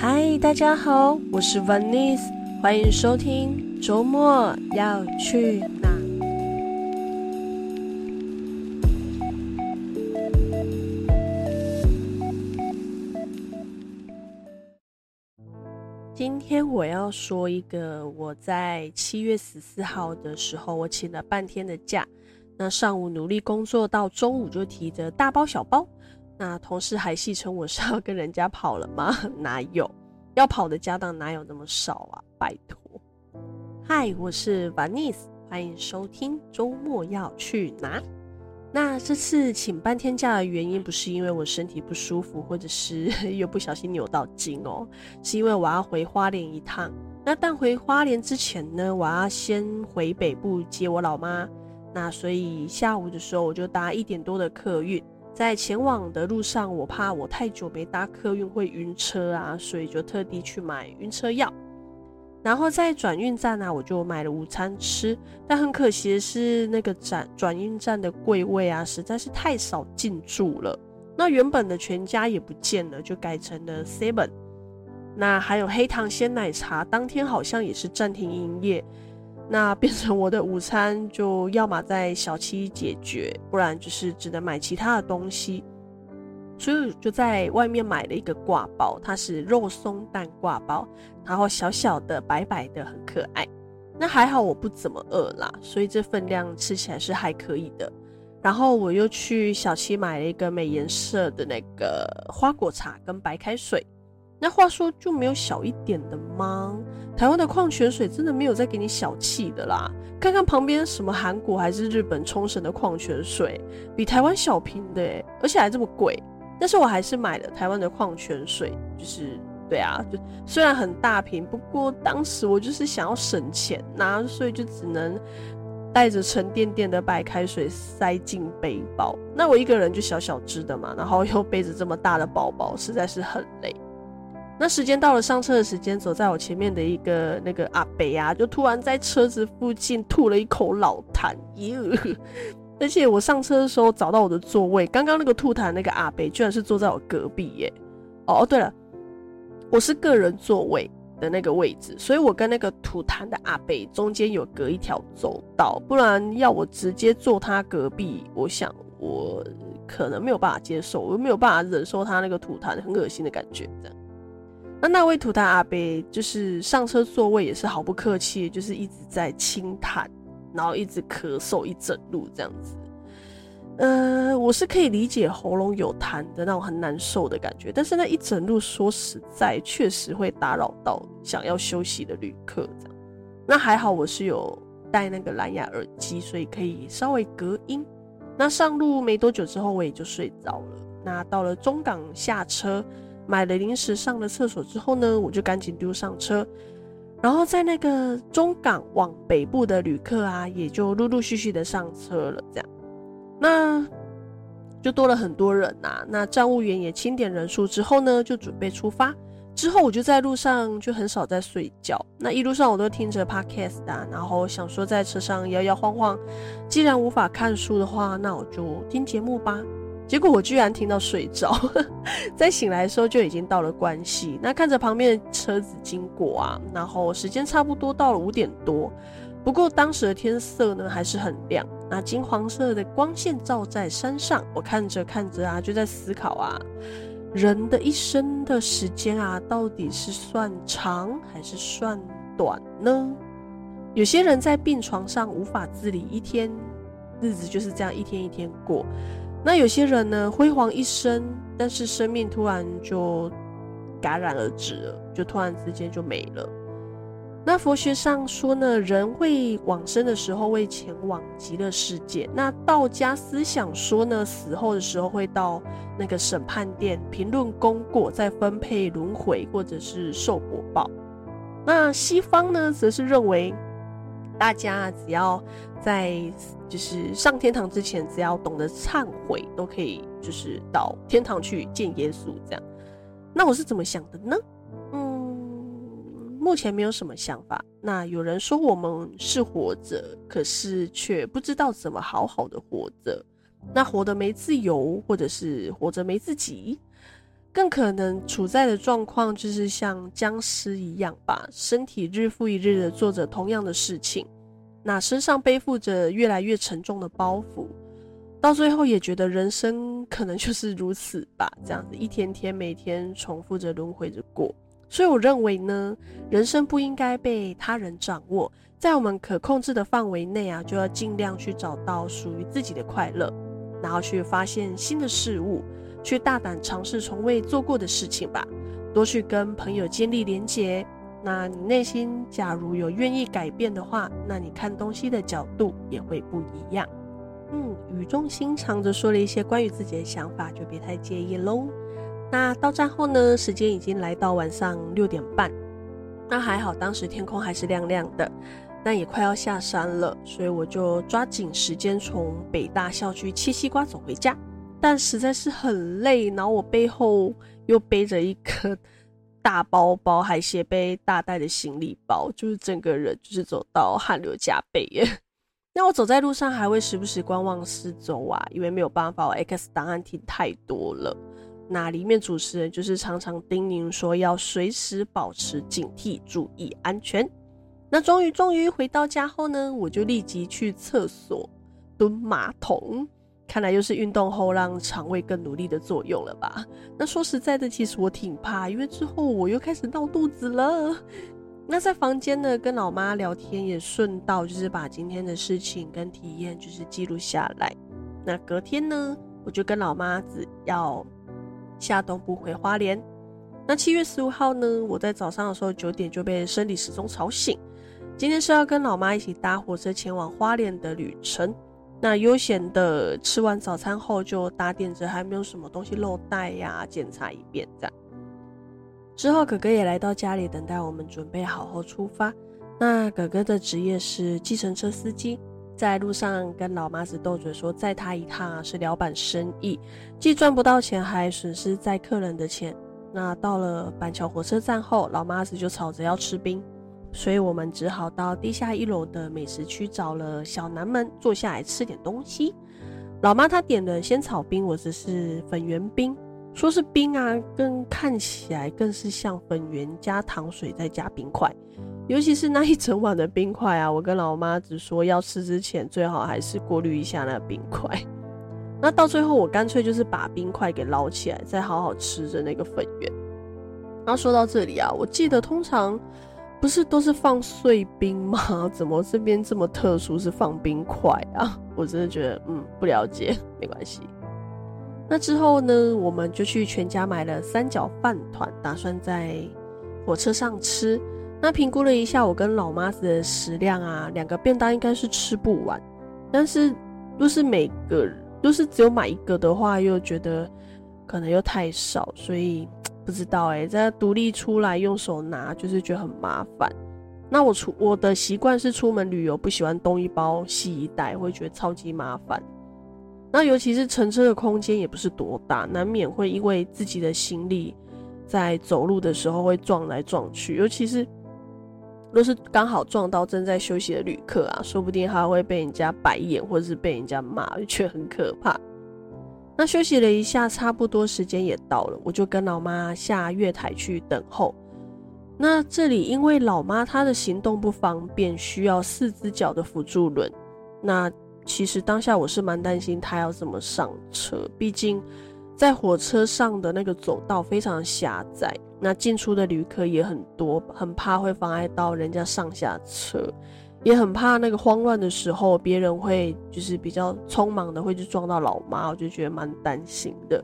嗨，Hi, 大家好，我是 Vaness，歡迎收聽週末要去哪。今天我要說一個，我在七月十四號的時候，我請了半天的假，那上午努力工作到中午，就提着大包小包。那同事還戲稱我是要跟人家跑了嗎？哪有，要跑的家當哪有那麼少啊！拜託。嗨，我是 Vaness，歡迎收聽周末要去哪。那這次請半天假的原因不是因為我身體不舒服，或者是 又不小心扭到筋哦、喔，是因為我要回花蓮一趟。那但回花蓮之前呢，我要先回北部接我老媽。那所以下午的時候我就搭一點多的客運。在前往的路上，我怕我太久沒搭客運會暈車啊，所以就特地去買暈車藥。然後在轉運站呢、啊，我就買了午餐吃。但很可惜的是，那個轉轉運站的櫃位啊，實在是太少進駐了。那原本的全家也不見了，就改成了 Seven。那還有黑糖鮮奶茶，當天好像也是暫停營業。那變成我的午餐就要嘛在小七解決，不然就是只能買其他的東西。所以就在外面買了一個刈包，它是肉鬆蛋刈包，然後小小的、白白的，很可愛。那還好我不怎麼餓啦，所以這份量吃起來是還可以的。然後我又去小七買了一個美顏社的那個花果茶跟白開水。那話說就沒有小一點的嗎？台灣的礦泉水真的沒有再給你小氣的啦！看看旁邊什麼韓國還是日本沖繩的礦泉水，比台灣小瓶的欸，而且還這麼貴。但是我還是買了台灣的礦泉水，就是對啊，就雖然很大瓶，不過當時我就是想要省錢、啊，那所以就只能帶着沉甸甸的白開水塞進背包。那我一個人就小小只的嘛，然後又背着這麼大的包包，實在是很累。那時間到了上車的時間，走在我前面的一個那個阿北啊，就突然在車子附近吐了一口老痰。耶、呃， 而且我上車的時候找到我的座位，剛剛那個吐痰那個阿北，居然是坐在我隔壁耶、欸。哦，對了，我是個人座位的那個位置，所以我跟那個吐痰的阿北中間有隔一條走道，不然要我直接坐他隔壁，我想我可能沒有辦法接受，我又沒有辦法忍受他那個吐痰很惡心的感覺的，那那位吐痰阿伯，就是上車座位也是毫不客氣，就是一直在清痰，然後一直咳嗽一整路這樣子。呃，我是可以理解喉嚨有痰的那種很難受的感覺，但是那一整路說實在，確實會打擾到想要休息的旅客這樣。那還好我是有戴那個藍牙耳機，所以可以稍微隔音。那上路沒多久之後，我也就睡着了。那到了中港下車。買了零食，上了廁所之後呢，我就趕緊丟上車，然後在那個中港往北部的旅客啊，也就陸陸續續的上車了，這樣，那就多了很多人吶、啊。那站務員也清點人數之後呢，就準備出發。之後我就在路上就很少在睡覺，那一路上我都聽着 Podcast 啊，然後想說在車上搖搖晃晃，既然無法看書的話，那我就聽節目吧。結果我居然聽到睡着， 在醒來的時候就已經到了關西。那看着旁邊的車子經過啊，然後時間差不多到了五點多。不過當時的天色呢還是很亮，那金黃色的光線照在山上。我看着看着啊，就在思考啊，人的一生的時間啊，到底是算長還是算短呢？有些人在病床上無法自理，一天日子就是這樣一天一天過。那有些人呢，輝煌一生，但是生命突然就戛然而止了，就突然之間就沒了。那佛學上說呢，人會往生的時候會前往極樂世界；那道家思想說呢，死後的時候會到那個審判殿評論功過，再分配輪迴或者是受果報。那西方呢，則是認為。大家只要在就是上天堂之前，只要懂得懺悔，都可以就是到天堂去見耶穌這樣。那我是怎麼想的呢？嗯，目前沒有什麼想法。那有人說我們是活着，可是卻不知道怎麼好好的活着，那活得沒自由，或者是活着沒自己。更可能處在的狀況就是像殭屍一樣吧，身體日復一日的做着同樣的事情，那身上背負着越來越沉重的包袱，到最後也覺得人生可能就是如此吧，這樣子一天天每天重複着輪迴着過。所以我認為呢，人生不應該被他人掌握，在我們可控制的範圍內啊，就要盡量去找到屬於自己的快樂，然後去發現新的事物。去大膽嘗試從未做過的事情吧，多去跟朋友建立連結。那你內心假如有願意改變的話，那你看東西的角度也會不一樣。嗯，語重心長地說了一些關於自己的想法，就別太介意嘍。那到站後呢，時間已經來到晚上六點半。那還好，當時天空還是亮亮的，那也快要下山了，所以我就抓緊時間從北大校區切西瓜走回家。但實在是很累，然後我背後又背着一個大包包，還斜背大袋的行李包，就是整個人就是走到汗流浹背耶。 那我走在路上還會時不時觀望四周啊，因為沒有辦法，我 X 檔案聽太多了。那裡面主持人就是常常叮嚀說要隨時保持警惕，注意安全。那終於終於回到家後呢，我就立即去廁所蹲馬桶。看來又是運動後讓腸胃更努力的作用了吧？那說實在的，其實我挺怕，因為之後我又開始鬧肚子了。那在房間呢，跟老媽聊天，也順道就是把今天的事情跟體驗就是記錄下來。那隔天呢，我就跟老媽只要下東部回花蓮。那七月十五號呢，我在早上的時候九點就被生理時鐘吵醒，今天是要跟老媽一起搭火車前往花蓮的旅程。那悠閒的吃完早餐後，就打點着，還沒有什麼東西漏帶呀、啊，檢查一遍這樣。之後，哥哥也來到家裡等待我們準備好後出發。那哥哥的職業是計程車司機，在路上跟老媽子鬥嘴說載他一趟、啊、是聊板生意，既賺不到錢還損失載客人的錢。那到了板橋火車站後，老媽子就吵着要吃冰。所以我們只好到地下一樓的美食區找了小南門坐下來吃點東西。老媽她點的仙草冰，我這是粉圓冰，說是冰啊，更看起來更是像粉圓加糖水再加冰塊，尤其是那一整碗的冰塊啊。我跟老媽只說要吃之前最好還是過濾一下那個冰塊。那到最後我乾脆就是把冰塊給撈起來，再好好吃着那個粉圓。那說到這裡啊，我記得通常。不是都是放碎冰嗎？怎麼這邊這麼特殊是放冰塊啊？我真的覺得，嗯，不了解，沒關係。那之後呢，我們就去全家買了三角飯糰，打算在火車上吃。那評估了一下我跟老媽子的食量啊，兩個便當應該是吃不完。但是，若是每個人，若是只有買一個的話，又覺得可能又太少，所以。不知道欸，在獨立出來用手拿就是覺得很麻煩。那我出我的習慣是出門旅遊不喜歡東一包西一袋，會覺得超級麻煩。那尤其是乘車的空間也不是多大，難免會因為自己的行李在走路的時候會撞來撞去，尤其是若是剛好撞到正在休息的旅客啊，說不定他會被人家白眼或者是被人家罵，卻很可怕。那休息了一下，差不多時間也到了，我就跟老媽下月台去等候。那這裡因為老媽她的行動不方便，需要四隻腳的輔助輪。那其實當下我是蠻擔心她要怎麼上車，畢竟在火車上的那個走道非常狹窄，那進出的旅客也很多，很怕會妨礙到人家上下車。也很怕那個慌亂的時候，別人會就是比較匆忙的會去撞到老媽，我就覺得蠻擔心的。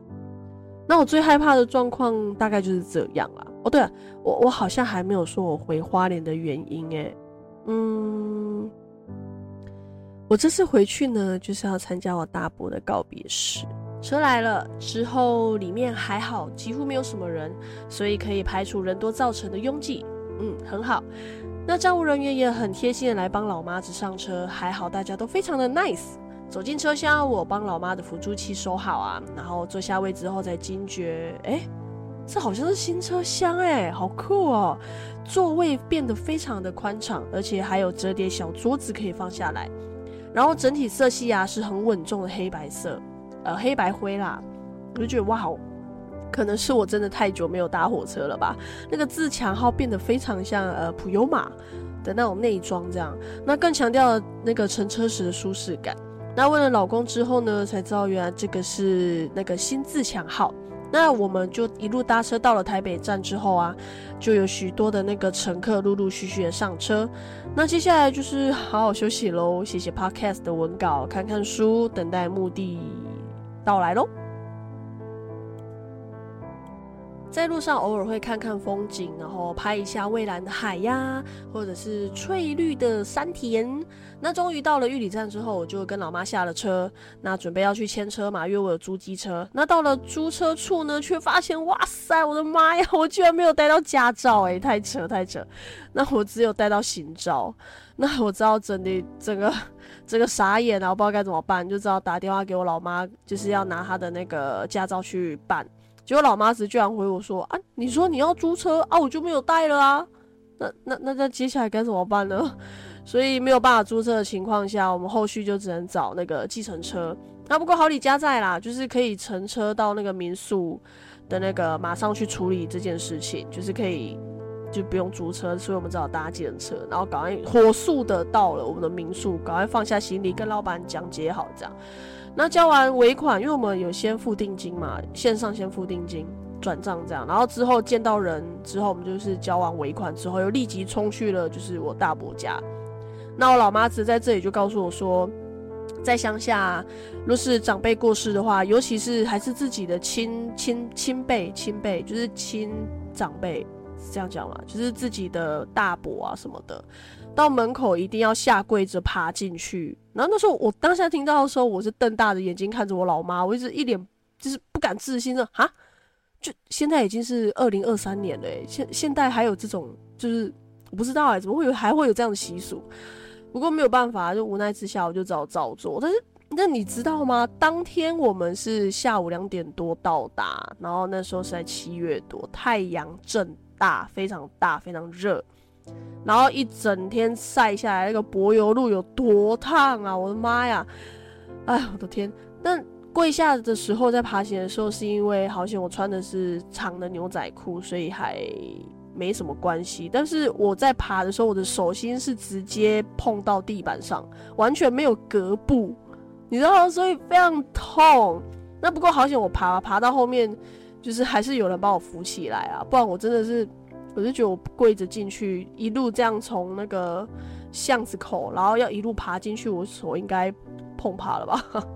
那我最害怕的狀況大概就是這樣啦。哦，對了，我我好像還沒有說我回花蓮的原因誒、欸。嗯，我這次回去呢，就是要參加我大伯的告別式。車來了之後，裡面還好，幾乎沒有什麼人，所以可以排除人多造成的擁擠。嗯，很好。那站務人員也很貼心的來幫老媽子上車，還好大家都非常的 nice。走進車廂，我幫老媽的輔助器收好啊，然後坐下位之後再驚覺，哎、欸，這好像是新車廂哎、欸，好酷哦、喔！座位變得非常的寬敞，而且還有摺疊小桌子可以放下來，然後整體色系啊是很穩重的黑白色，呃黑白灰啦，我就覺得哇好。可能是我真的太久沒有搭火車了吧？那個自強號變得非常像呃普悠馬的那種內裝這樣，那更強調了那個乘車時的舒適感。那問了老公之後呢，才知道原來這個是那個新自強號。那我們就一路搭車到了台北站之後啊，就有許多的那個乘客陸陸續續續的上車。那接下來就是好好休息嘍，寫寫 Podcast 的文稿，看看書，等待目的到來嘍。在路上偶爾會看看風景，然後拍一下蔚藍的海呀、啊，或者是翠綠的山田。那終於到了玉里站之後，我就跟老媽下了車，那準備要去牽車嘛，因為我有租機車。那到了租車處呢，卻發現，哇塞，我的媽呀，我居然沒有帶到駕照哎、欸，太扯太扯！那我只有帶到行照，那我知道真的整個整個傻眼了、啊，我不知道該怎麼辦，就知道打電話給我老媽，就是要拿她的那個駕照去辦。結果老媽子居然回我說：“啊，你說你要租車啊，我就沒有帶了啊。那那那在接下來該怎麼辦呢？所以沒有辦法租車的情況下，我們後續就只能找那個計程車。那、啊、不過好哩家在啦，就是可以乘車到那個民宿的那個馬上去處理這件事情，就是可以就不用租車，所以我們只好搭計程車，然後趕快火速的到了我們的民宿，趕快放下行李，跟老板講解好這樣。”那交完尾款，因為我們有先付定金嘛，線上先付定金，轉賬這樣，然後之後見到人之後，我們就是交完尾款之後，又立即衝去了就是我大伯家。那我老媽子在這裡就告訴我說，在鄉下，若是長輩過世的話，尤其是還是自己的親親親輩親輩，就是親長輩，這樣講嘛，就是自己的大伯啊什麼的。到門口一定要下跪着爬進去，然後那時候我當下聽到的時候，我是瞪大着眼睛看着我老媽，我一直一臉就是不敢置信的啊！就現在已經是二零二三年了，欸，現現在還有這種就是我不知道哎、欸，怎麼會有還會有這樣的習俗？不過沒有辦法，就無奈之下我就只好照做。但是那你知道嗎？當天我們是下午兩點多到達，然後那時候是在七月多，太陽正大，非常大，非常熱。然後一整天曬下來，那個柏油路有多燙啊！我的媽呀，哎，我的天！但跪下的時候，在爬行的時候，是因為好險我穿的是長的牛仔褲，所以還沒什麼關係。但是我在爬的時候，我的手心是直接碰到地板上，完全沒有隔布，你知道嗎？所以非常痛。那不過好險，我爬爬到後面，就是還是有人把我扶起來啊，不然我真的是。我是覺得我跪着進去，一路這樣從那個巷子口，然後要一路爬進去，我所應該碰爬了吧？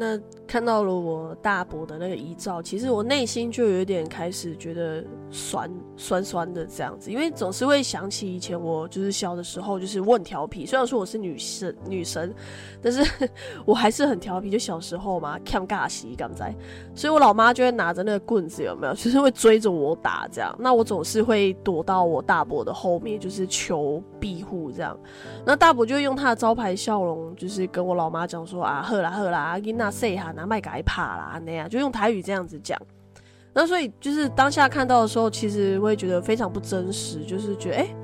那看到了我大伯的那個遺照，其實我內心就有點開始覺得酸酸酸的這樣子，因為總是會想起以前，我就是小的時候，就是我很調皮，雖然說我是女生女生，但是我還是很調皮，就小時候嘛，看尬戲，麼西在，所以我老媽就會拿着那個棍子，有沒有，就是會追着我打這樣。那我總是會躲到我大伯的後面，就是求庇護這樣。那大伯就會用他的招牌笑容，就是跟我老媽講說啊，喝啦喝啦，給娜。say 哈，拿麥改怕啦那樣，就用台語這樣子講。那所以就是當下看到的時候，其實我也覺得非常不真實，就是覺得哎、欸，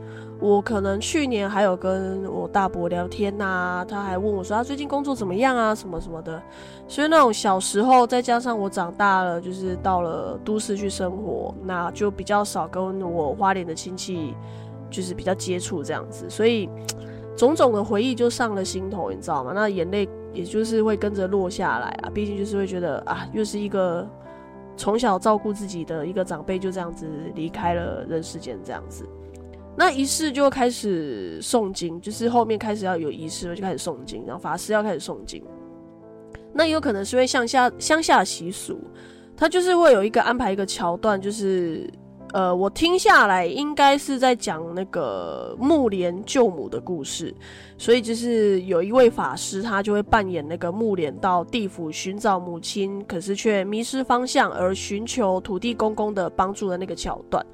我可能去年還有跟我大伯聊天吶、啊，他還問我說他最近工作怎麼樣啊，什麼什麼的。所以那種小時候，再加上我長大了，就是到了都市去生活，那就比較少跟我花蓮的親戚就是比較接觸這樣子，所以種種的回憶就上了心頭，你知道嗎？那眼淚也就是會跟着落下來啊，畢竟就是會覺得啊，又是一個從小照顧自己的一個長輩就這樣子離開了人世間，這樣子，那儀式就開始誦經，就是後面開始要有儀式就開始誦經，然後法師要開始誦經，那也有可能是因為鄉下鄉下習俗，他就是會有一個安排一個橋段，就是。呃，我聽下來應該是在講那個目連救母的故事，所以就是有一位法師，他就會扮演那個目連到地府尋找母親，可是卻迷失方向而尋求土地公公的幫助的那個橋段。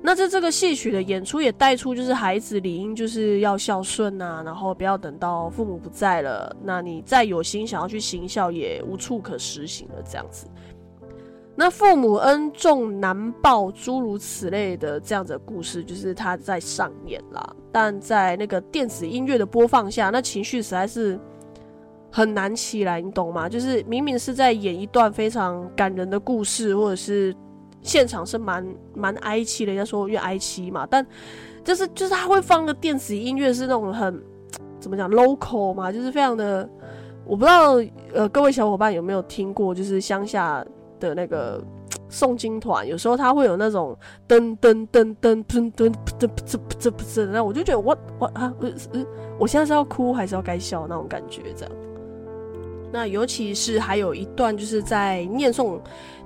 那這這個戲曲的演出也帶出，就是孩子理應就是要孝順啊，然後不要等到父母不在了，那你再有心想要去行孝，也無處可實行了這樣子。那父母恩重難報，諸如此類的這樣子的故事，就是他在上演啦，但在那個電子音樂的播放下，那情緒實在是很難起來，你懂嗎？就是明明是在演一段非常感人的故事，或者是現場是蠻蠻哀戚的，人家說越哀戚嘛。但就是就是他會放的電子音樂是那種很怎麼講 local 嘛，就是非常的，我不知道呃各位小夥伴有沒有聽過，就是鄉下。的那個誦經團，有時候他會有那種噔噔噔噔噔噔噔噔噔噔噔噔噔，那我就覺得我我啊，我我現在是要哭還是要該笑那種感覺，這樣。那尤其是還有一段，就是在念誦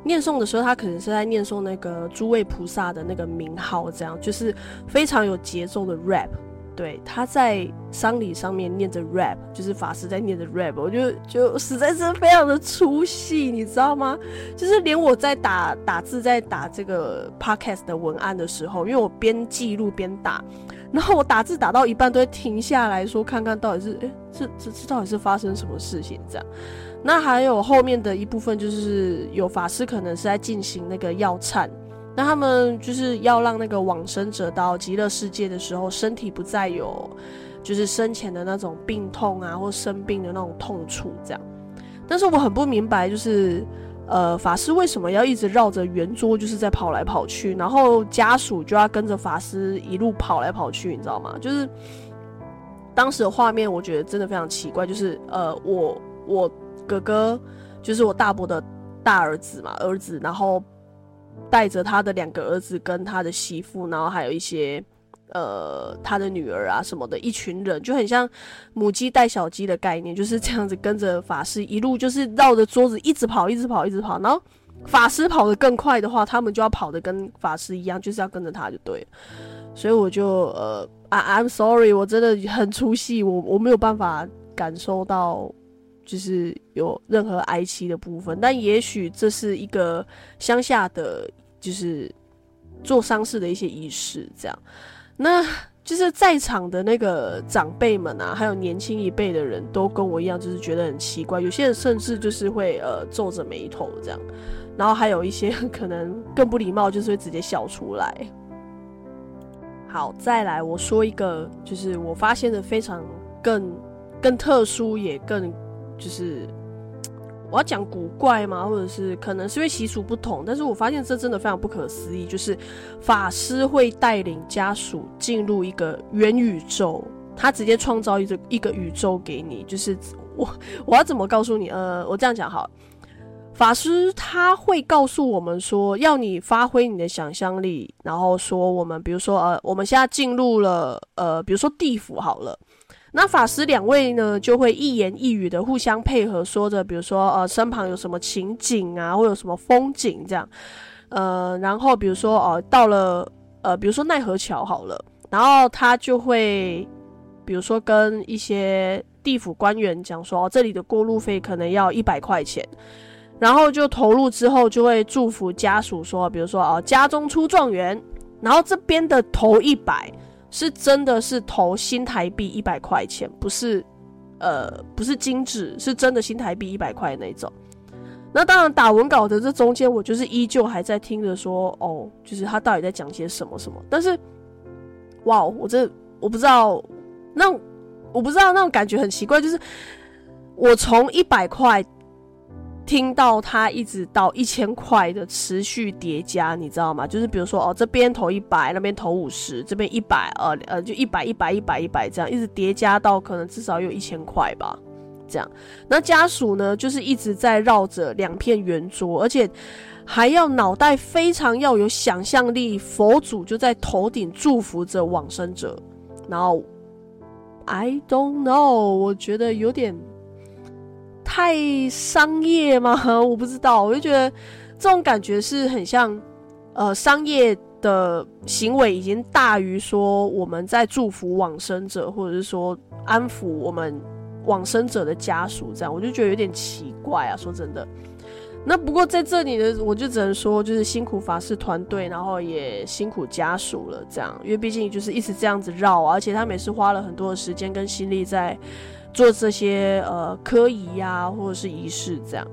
念誦的時候，他可能是在念誦那個諸位菩薩的那個名號，這樣就是非常有節奏的 rap。對，他在喪禮上面念着 rap，就是法師在念着 rap，我就就實在是非常的出戲，你知道嗎？就是連我在打打字，在打這個 podcast 的文案的時候，因為我邊記錄邊打，然後我打字打到一半都會停下來說看看到底是，哎，這這這到底是發生什麼事情這樣？那還有後面的一部分就是有法師可能是在進行那個藥懺那他們就是要讓那個往生者到極樂世界的時候，身體不再有，就是生前的那種病痛啊，或生病的那種痛楚這樣。但是我很不明白，就是呃，法師為什麼要一直繞着圓桌就是在跑來跑去，然後家屬就要跟着法師一路跑來跑去，你知道嗎？就是當時的畫面，我覺得真的非常奇怪。就是呃，我我哥哥，就是我大伯的大兒子嘛，兒子，然後。帶着他的兩個兒子跟他的媳婦，然後還有一些，呃，他的女兒啊什麼的，一群人就很像母雞帶小雞的概念，就是這樣子跟着法師一路就是繞着桌子一直跑，一直跑，一直跑。然後法師跑得更快的話，他們就要跑得跟法師一樣，就是要跟着他就對了。所以我就呃，I I'm sorry，我真的很出戲，我我沒有辦法感受到。就是有任何哀戚的部分，但也許這是一個鄉下的，就是做喪事的一些儀式這樣。那就是在場的那個長輩們啊，還有年輕一輩的人都跟我一樣，就是覺得很奇怪。有些人甚至就是會呃皺着眉頭這樣，然後還有一些可能更不禮貌，就是會直接笑出來。好，再來我說一個，就是我發現的非常更更特殊也更，就是我要講古怪嗎？或者是可能是因為習俗不同，但是我發現這真的非常不可思議。就是法師會帶領家屬進入一個元宇宙，他直接創造一個一個宇宙給你。就是我我要怎麼告訴你？呃，我這樣講好。法師他會告訴我們說，要你發揮你的想象力，然後說我們比如說呃，我們現在進入了呃，比如說地府好了。那法師兩位呢，就會一言一語的互相配合，說着，比如說，呃，身旁有什麼情景啊，或有什麼風景這樣，呃，然後比如說，哦、呃，到了，呃，比如說奈何橋好了，然後他就會，比如說跟一些地府官員講說，呃、這裡的過路費可能要一百塊錢，然後就投入之後，就會祝福家屬說，比如說，哦、呃，家中出狀元，然後這邊的頭一百。是真的是投新台幣一百塊錢，不是，呃，不是金紙，是真的新台幣一百塊那種。那當然打文稿的這中間，我就是依舊還在聽着說，哦，就是他到底在講些什麼什麼。但是，哇，我這我不知道，那我不知道那種感覺很奇怪，就是我從一百塊。聽到他一直到一千塊的持續疊加，你知道嗎？就是比如說，哦，這邊投一百，那邊投五十，這邊一百，呃，呃呃，就一百一百一百一百這樣一直疊加到可能至少有一千塊吧。這樣，那家屬呢，就是一直在繞着兩片圓桌，而且還要腦袋非常要有想象力。佛祖就在頭頂祝福着往生者。然後，I don't know，我覺得有點。太商業嗎？我不知道，我就覺得這種感覺是很像，呃，商業的行為已經大於說我們在祝福往生者，或者是說安撫我們往生者的家屬這樣，我就覺得有點奇怪啊。說真的，那不過在這裡呢，我就只能說就是辛苦法師團隊，然後也辛苦家屬了，這樣，因為畢竟就是一直這樣子繞啊，而且他每次花了很多的時間跟心力在。做這些呃科儀呀、啊，或者是儀式這樣，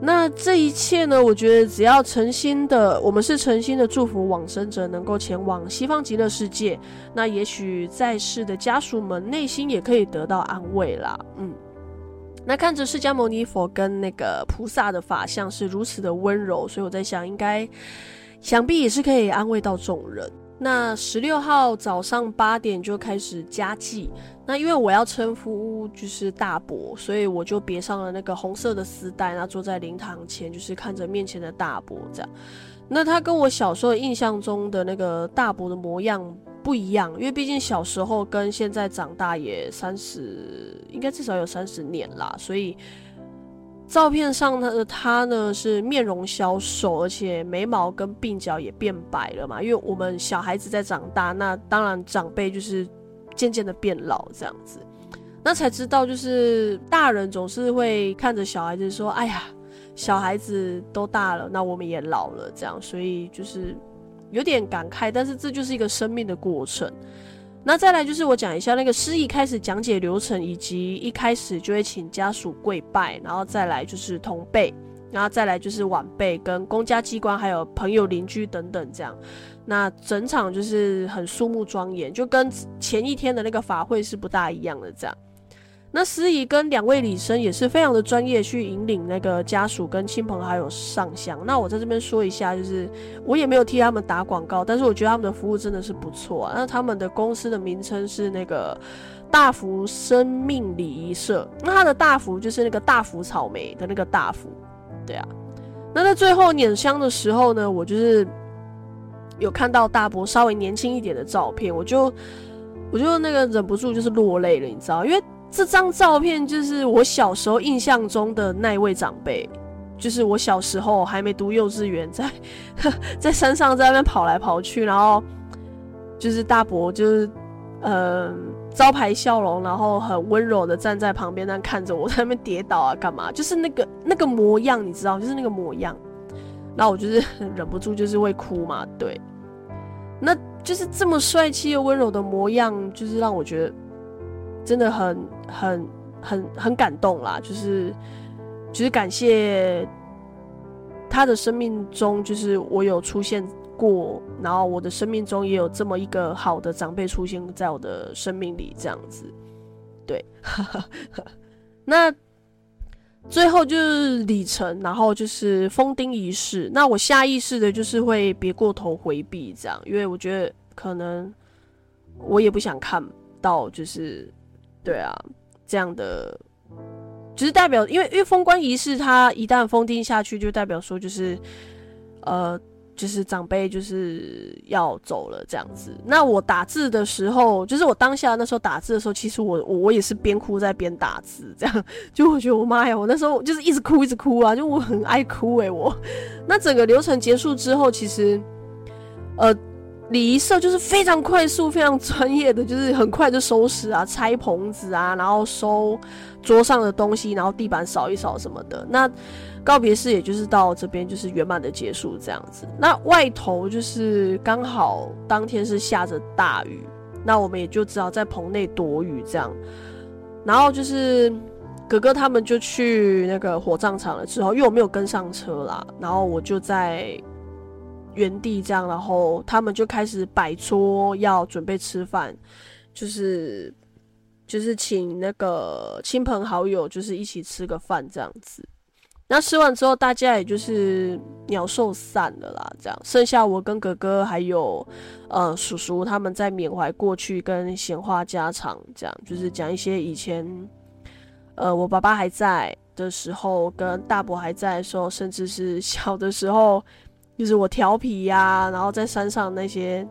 那這一切呢，我覺得只要誠心的，我們是誠心的祝福往生者能夠前往西方極樂世界，那也許在世的家屬們內心也可以得到安慰啦。嗯，那看着釋迦牟尼佛跟那個菩薩的法相是如此的溫柔，所以我在想應，應該，想必也是可以安慰到眾人。那十六號早上八點就開始家祭，那因為我要稱呼就是大伯，所以我就別上了那個紅色的絲帶，那坐在靈堂前，就是看着面前的大伯這樣。那他跟我小時候印象中的那個大伯的模樣不一樣，因為畢竟小時候跟現在長大也三十，應該至少有三十年啦，所以。照片上他的他呢是面容消瘦，而且眉毛跟鬢角也變白了嘛。因為我們小孩子在長大，那當然長輩就是漸漸的變老這樣子，那才知道就是大人總是會看着小孩子說：“哎呀，小孩子都大了，那我們也老了。”這樣，所以就是有點感慨，但是這就是一個生命的過程。那再來就是我講一下那個司儀一開始講解流程，以及一開始就會請家屬跪拜，然後再來就是同輩，然後再來就是晚輩跟公家機關還有朋友鄰居等等這樣。那整場就是很肅穆莊嚴，就跟前一天的那個法會是不大一樣的這樣。那司儀跟兩位禮生也是非常的專業，去引領那個家屬跟親朋好友上香。那我在這邊說一下，就是我也沒有替他們打廣告，但是我覺得他們的服務真的是不錯啊。那他們的公司的名稱是那個大福生命禮儀社，那他的大福就是那個大福草莓的那個大福，對啊。那在最後拈香的時候呢，我就是有看到大伯稍微年輕一點的照片，我就我就那個忍不住就是落淚了，你知道，因為。這張照片就是我小時候印象中的那一位長輩，就是我小時候還沒讀幼稚園在、在 在山上在那邊跑來跑去，然後就是大伯就是嗯、呃、招牌笑容，然後很溫柔的站在旁邊那看着我在那邊跌倒啊幹嘛，就是那個那個模樣你知道，就是那個模樣，然後我就是忍不住就是會哭嘛，對，那就是這麼帥氣又溫柔的模樣，就是讓我覺得。真的很很很很感動啦，就是，就是感謝他的生命中，就是我有出現過，然後我的生命中也有這麼一個好的長輩出現在我的生命裡，這樣子，對。 那最後就是禮成，然後就是封釘儀式。那我下意識的就是會別過頭回避，這樣，因為我覺得可能我也不想看到，就是。對啊，這樣的就是代表，因為因為封棺儀式它一旦封釘下去，就代表說就是呃，就是長輩就是要走了這樣子。那我打字的時候，就是我當下那時候打字的時候，其實我我我也是邊哭在邊打字，這樣就我覺得，我媽呀，我那時候就是一直哭一直哭啊，就我很愛哭哎、欸、我。那整個流程結束之後，其實呃。禮儀社就是非常快速，非常專業的，就是很快就收拾啊、拆棚子啊，然後收桌上的東西，然後地板掃一掃什麼的。那告別式也就是到這邊就是圓滿的結束這樣子。那外頭就是剛好當天是下着大雨，那我們也就只好在棚內躲雨這樣。然後就是哥哥他們就去那個火葬場了之後，因為我沒有跟上車啦，然後我就在，原地這樣，然後他們就開始擺桌要準備吃飯，就是就是請那個親朋好友，就是一起吃個飯這樣子。那吃完之後，大家也就是鳥獸散了啦，這樣剩下我跟哥哥還有呃叔叔他們在緬懷過去跟閒話家常，這樣就是講一些以前呃我爸爸還在的時候，跟大伯還在的時候，甚至是小的時候。就是我調皮呀，啊，然後在山上那些，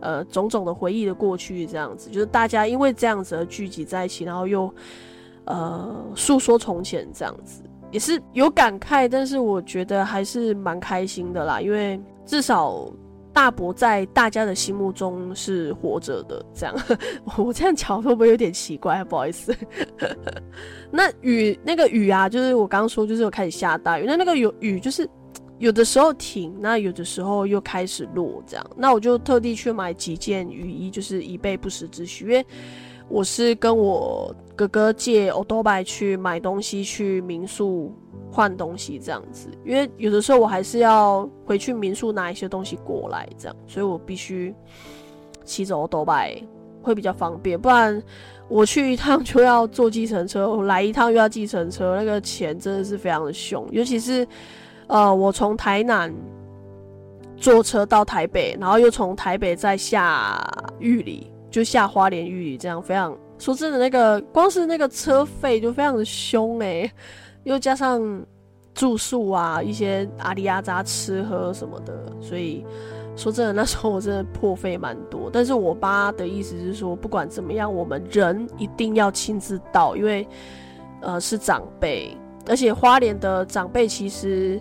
呃，種種的回憶的過去這樣子，就是大家因為這樣子而聚集在一起，然後又，呃，訴說從前這樣子，也是有感慨，但是我覺得還是蠻開心的啦，因為至少大伯在大家的心目中是活着的。這樣， 我這樣講會不會有點奇怪？不好意思， 那雨那個雨啊，就是我剛剛說，就是有開始下大雨，那那個有雨就是。有的時候停，那有的時候又開始落，這樣，那我就特地去買幾件雨衣，就是以備不時之需。因為我是跟我哥哥借歐多拜去買東西，去民宿換東西這樣子。因為有的時候我還是要回去民宿拿一些東西過來，這樣，所以我必須騎着歐多拜會比較方便。不然我去一趟就要坐計程車，我來一趟又要計程車，那個錢真的是非常的兇，尤其是。呃，我從台南坐車到台北，然後又從台北再下玉里，就下花蓮玉里，這樣非常，說真的，那個光是那個車費就非常的凶誒、欸，又加上住宿啊，一些阿里阿扎吃喝什麼的，所以說真的那時候我真的破費蠻多。但是我爸的意思是說，不管怎麼樣，我們人一定要親自到，因為呃是長輩，而且花蓮的長輩其實。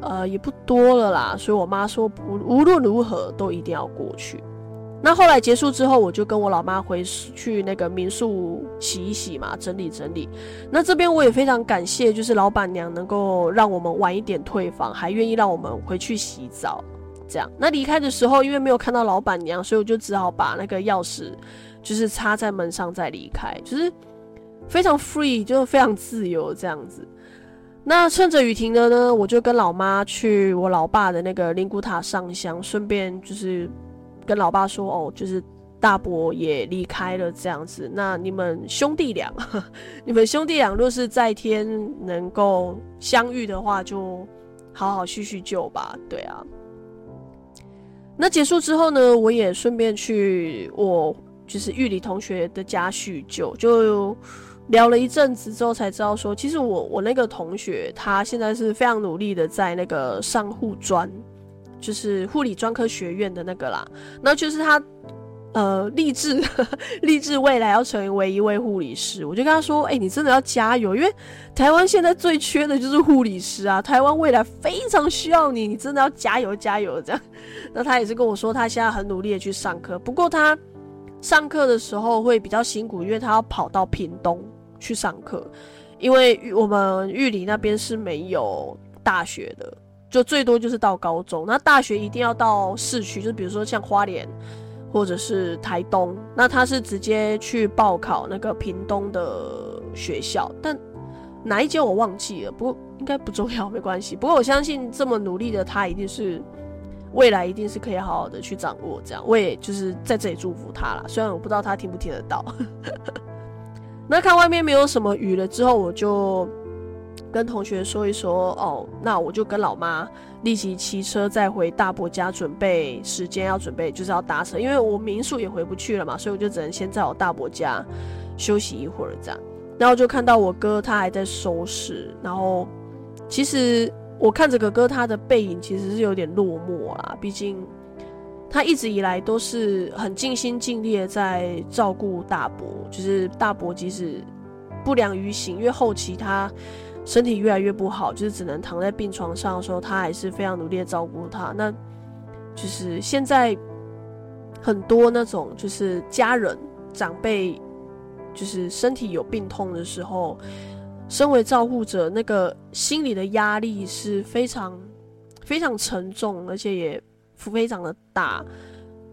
呃，也不多了啦，所以我媽說無，無論如何都一定要過去。那後來結束之後，我就跟我老媽回去那個民宿洗一洗嘛，整理整理。那這邊我也非常感謝，就是老闆娘能夠讓我們晚一點退房，還願意讓我們回去洗澡。這樣，那離開的時候，因為沒有看到老闆娘，所以我就只好把那個鑰匙就是插在門上再離開，就是非常 free，就是非常自由這樣子。那趁着雨停了呢，我就跟老媽去我老爸的那個靈骨塔上香，順便就是跟老爸說哦，就是大伯也離開了這樣子。那你們兄弟倆， 你們兄弟倆若是在天能夠相遇的話，就好好敘敘舊吧。對啊，那結束之後呢，我也順便去我就是玉里同學的家敘舊，就。聊了一陣子之後，才知道說，其實我我那個同學，他現在是非常努力的在那個上護專，就是護理專科學院的那個啦。那就是他，呃，立志，立志未來要成為一位護理師。我就跟他說，哎、欸，你真的要加油，因為台灣現在最缺的就是護理師啊，台灣未來非常需要你，你真的要加油加油這樣。那他也是跟我說，他現在很努力的去上課，不過他上課的時候會比較辛苦，因為他要跑到屏東。去上課，因為我們玉里那邊是沒有大學的，就最多就是到高中。那大學一定要到市區，就是、比如說像花蓮或者是台東。那他是直接去報考那個屏東的學校，但哪一間我忘記了，不過應該不重要，沒關係。不過我相信這麼努力的他，一定是未來一定是可以好好的去掌握。這樣我也就是在這裡祝福他啦，雖然我不知道他聽不聽得到。呵呵那看外面沒有什麼雨了之後，我就跟同學說一說哦，那我就跟老媽立即騎車再回大伯家準備時間，要準備就是要搭車，因為我民宿也回不去了嘛，所以我就只能先在我大伯家休息一會兒這樣。然後就看到我哥他還在收拾，然後其實我看着哥哥他的背影其實是有點落寞啦，畢竟。他一直以來都是很盡心盡力的在照顧大伯，就是大伯即使不良於行，因為後期他身體越來越不好，就是只能躺在病床上的時候，他還是非常努力的照顧他。那就是現在很多那種就是家人長輩，就是身體有病痛的時候，身為照顧者，那個心理的壓力是非常非常沉重，而且也。非常的大，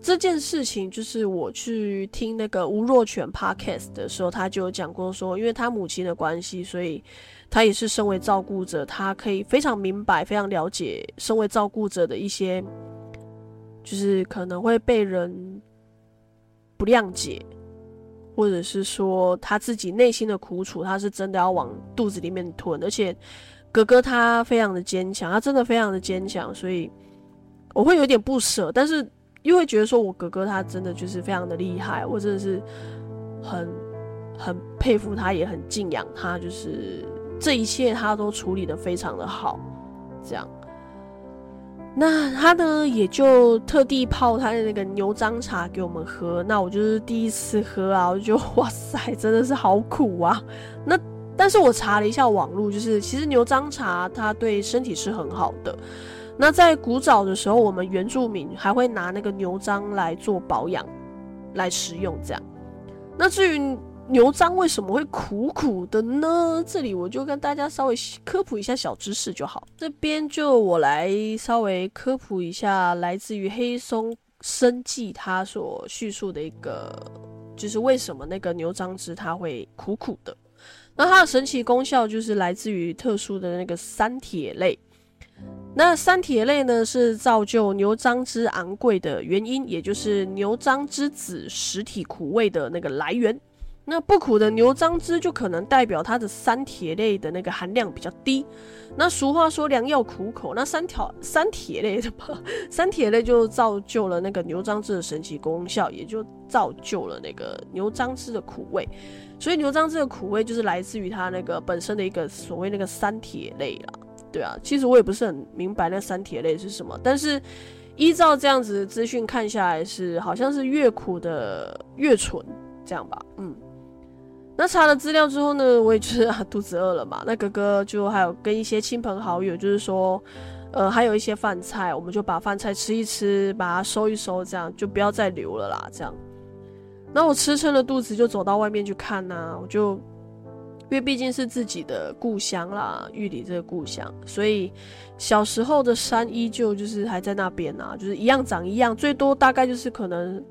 這件事情就是我去聽那個吳若權 podcast 的時候，他就有講過說，因為他母親的關係，所以他也是身為照顧者，他可以非常明白、非常了解身為照顧者的一些，就是可能會被人不諒解，或者是說他自己內心的苦楚，他是真的要往肚子裡面吞。而且哥哥他非常的堅強，他真的非常的堅強，所以。我會有點不捨，但是又會覺得說，我哥哥他真的就是非常的厲害，我真的是很很佩服他，也很敬仰他，就是這一切他都處理得非常的好，這樣。那他呢，也就特地泡他的那個牛樟茶給我們喝。那我就是第一次喝啊，我就哇塞，真的是好苦啊。那但是我查了一下網絡，就是其實牛樟茶它對身體是很好的。那在古早的時候，我們原住民還會拿那個牛樟來做保養，來食用這樣。那至於牛樟為什麼會苦苦的呢？這裡我就跟大家稍微科普一下小知識就好。這邊就我來稍微科普一下，來自於黑松生技它所敘述的一個，就是為什麼那個牛樟芝它會苦苦的。那它的神奇功效就是來自於特殊的那個三萜類。那三萜類呢，是造就牛樟芝昂貴的原因，也就是牛樟芝子實體苦味的那個來源。那不苦的牛樟芝就可能代表它的三萜類的那個含量比較低。那俗話說良藥苦口，那三條三萜類的吧，三萜類就造就了那個牛樟芝的神奇功效，也就造就了那個牛樟芝的苦味。所以牛樟芝的苦味就是來自於它那個本身的一個所謂那個三萜類了。對啊，其實我也不是很明白那三萜類是什麼，但是依照這樣子的資訊看下來是，是好像是越苦的越純這樣吧。嗯，那查了資料之後呢，我也就是啊，肚子餓了嘛。那哥哥就還有跟一些親朋好友，就是說，呃，還有一些飯菜，我們就把飯菜吃一吃，把它收一收，這樣就不要再留了啦。這樣，那我吃撐了肚子，就走到外面去看吶、啊，我就。因為畢竟是自己的故鄉啦，玉里這個故鄉，所以小時候的山依舊就是還在那邊啊，就是一樣長一樣，最多大概就是可能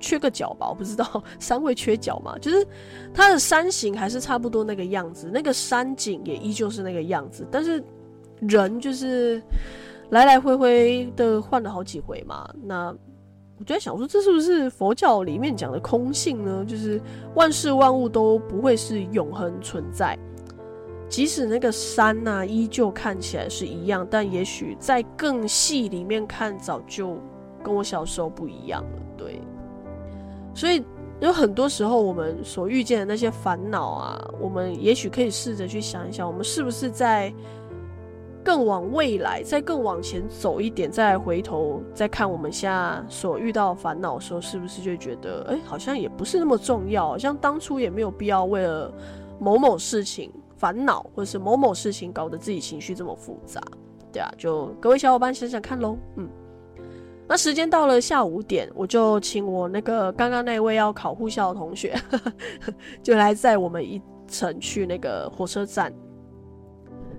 缺個角吧，我不知道山會缺角嘛，就是它的山形還是差不多那個樣子，那個山景也依舊是那個樣子，但是人就是來來回回的換了好幾回嘛，那。我就在想說，這是不是佛教裡面講的空性呢？就是萬事萬物都不會是永恆存在，即使那個山呢，啊，依舊看起來是一樣，但也許在更細裡面看，早就跟我小時候不一樣了。對，所以有很多時候，我們所遇見的那些煩惱啊，我們也許可以試着去想一想，我們是不是在。更往未來，再更往前走一點，再回頭再看，我們現在所遇到煩惱的時候，是不是就覺得，哎，好像也不是那麼重要，好像當初也沒有必要為了某某事情煩惱，或者是某某事情搞得自己情緒這麼複雜。對啊，就各位小夥伴想想看嘍。嗯，那時間到了下午五點，我就請我那個剛剛那位要考護校的同學， 就來載我們一程去那個火車站。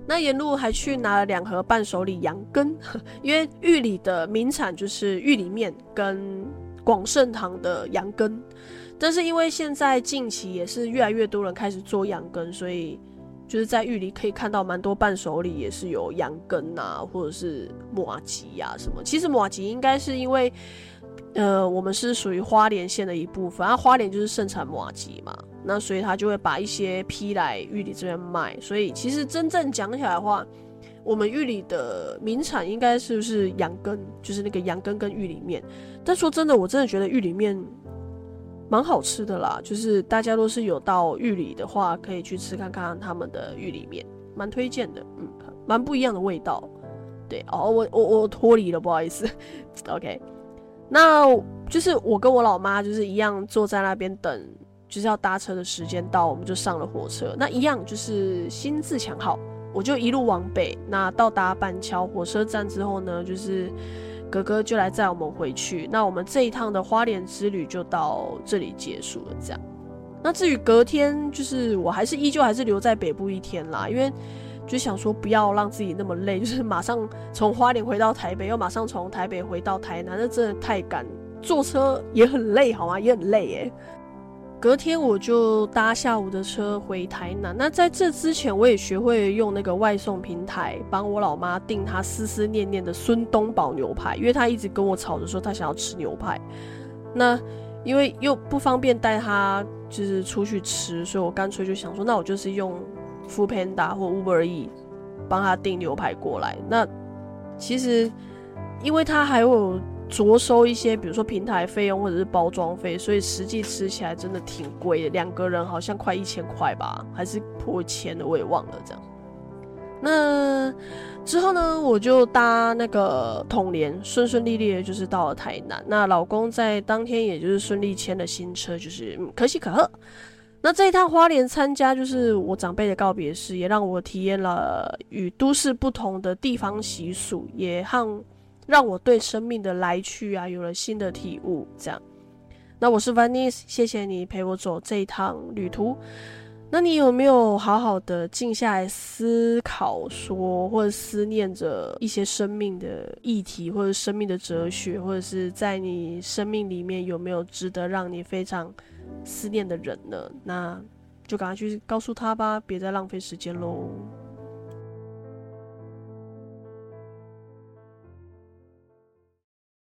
那沿路還去拿了兩盒伴手禮羊羹，因為玉里的名產就是玉里麵跟廣盛堂的羊羹，但是因為現在近期也是越來越多人開始做羊羹，所以就是在玉里可以看到蠻多伴手禮也是有羊羹啊，或者是麻糬呀什麼。其實麻糬應該是因為，呃，我們是屬於花蓮縣的一部分，啊花蓮就是盛產麻糬嘛。那所以他就會把一些批來玉里這邊賣。所以其實真正講起來的話，我們玉里的名產應該是不是羊羹？就是那個羊羹跟玉里面。但說真的，我真的覺得玉里面蠻好吃的啦。就是大家若是有到玉里的話，可以去吃看看他們的玉里面，蠻推薦的。嗯，蠻不一樣的味道。對哦，我我我脫離了，不好意思。 OK，那就是我跟我老媽就是一樣坐在那邊等。就是要搭車的時間到，我們就上了火車。那一樣就是新自強號，我就一路往北。那到達板橋火車站之後呢，就是哥哥就來載我們回去。那我們這一趟的花蓮之旅就到這裡結束了。這樣，那至於隔天，就是我還是依舊還是留在北部一天啦，因為就想說不要讓自己那麼累，就是馬上從花蓮回到台北，又馬上從台北回到台南，那真的太趕，坐車也很累，好嗎？也很累，欸，耶。隔天我就搭下午的車回台南。那在這之前，我也學會用那個外送平台幫我老媽訂她思思念念的孫東寶牛排，因為她一直跟我吵着說她想要吃牛排。那因為又不方便帶她就是出去吃，所以我乾脆就想說，那我就是用 Food Panda 或 Uber E 幫她訂牛排過來。那其實，因為她還有。酌收一些，比如說平台費用或者是包裝費，所以實際吃起來真的挺貴的，兩個人好像快一千塊吧，還是破千的，我也忘了這樣。那之後呢，我就搭那個統聯，順順利利的就是到了台南。那老公在當天也就是順利簽了新車，就是嗯，可喜可賀。那這一趟花蓮參加就是我長輩的告別式，也讓我體驗了與都市不同的地方習俗，也和。讓我對生命的來去啊有了新的體悟，這樣。那我是 Vanice，謝謝你陪我走這一趟旅途。那你有沒有好好的靜下來思考說，說或者思念着一些生命的議題，或者生命的哲學，或者是在你生命裡面有沒有值得讓你非常思念的人呢？那就趕快去告訴他吧，別再浪費時間嘍。